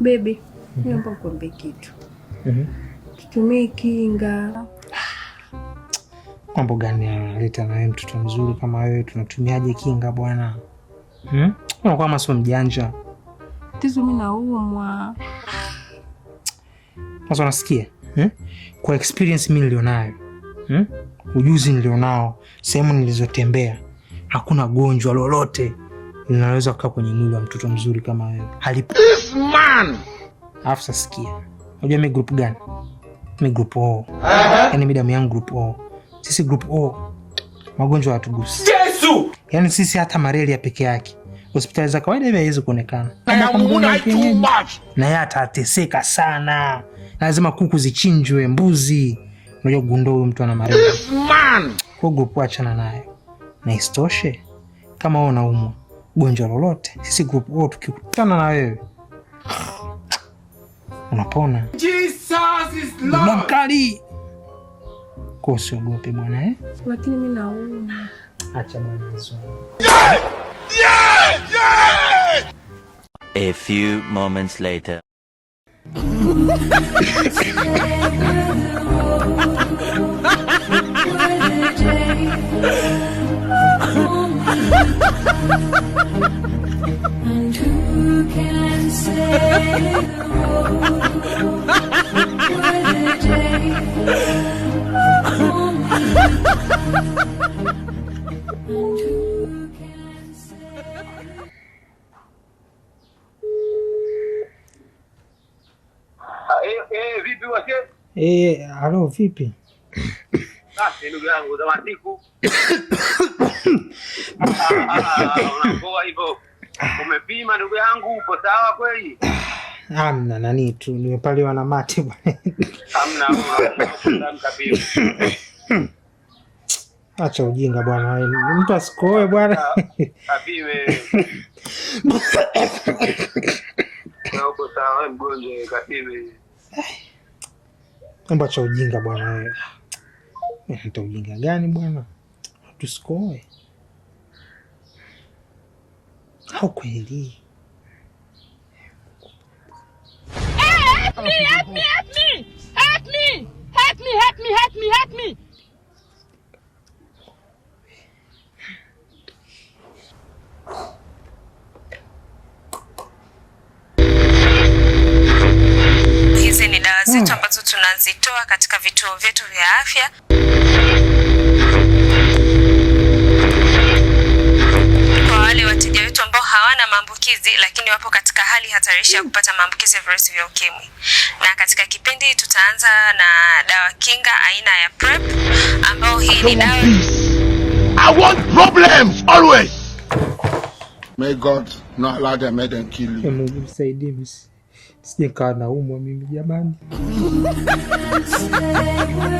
Bebe, naomba kuambia kitu. Mhm. Tutumie kinga. Mambo gani analeta na wewe mtoto mzuri kama wewe, tunatumiaje kinga bwana? Hmm? Unakuwa kama sio mjanja. Tizo mimi naumwa. Sasa unasikia? Hmm? Kwa experience mimi nilionayo. Hmm? Ujuzi nilionao, sehemu nilizotembea, hakuna gonjwa lolote linaweza kukaa kwenye mwili wa mtoto mzuri kama wewe. Alafu sasikia. Unajua mi group gani? Mi group O. Yani mi damu yangu group O. Sisi group O. Magonjwa hatugusi. Yesu. Yaani sisi hata malaria peke yake hospitali za kawaida hivi haiwezi kuonekana, na yeye atateseka sana. Lazima kuku zichinjwe, mbuzi. Unajua gundo huyu mtu ana maradhi kwa grupu, achana naye. Na isitoshe kama wewe unaumwa gonjwa lolote, sisi group O tukikutana na wewe unapona. Baba mkali kwa, usiogope bwana eh? Lakini mimi naona acha bwana yeah! yeah! yeah! A few moments later. Ei, eh, eh, eh, Alô, VIP? Ah, sim, no grau, vou dar um artigo. kweli? Hamna nani tu nimepaliwa na mate bwana. Acha ujinga bwana, mtu asikoe bwana. Ah, Abi acha cha ujinga bwana wewe. Eh, ujinga gani bwana? Tusikoe. Au kweli? me, help me, help me, help me, help me, help me, help me, help me. Hizi ni dawa zetu ambazo tunazitoa katika vituo vyetu vya afya. wengine wapo katika hali hatarishi ya mm. kupata maambukizi ya virusi vya ukimwi. Na katika kipindi tutaanza na dawa kinga aina ya PrEP ambayo hii ni dawa I want problems always. May God not allow them to kill you. Mungu msaidie mimi. Sije nikawa naumwa mimi jamani.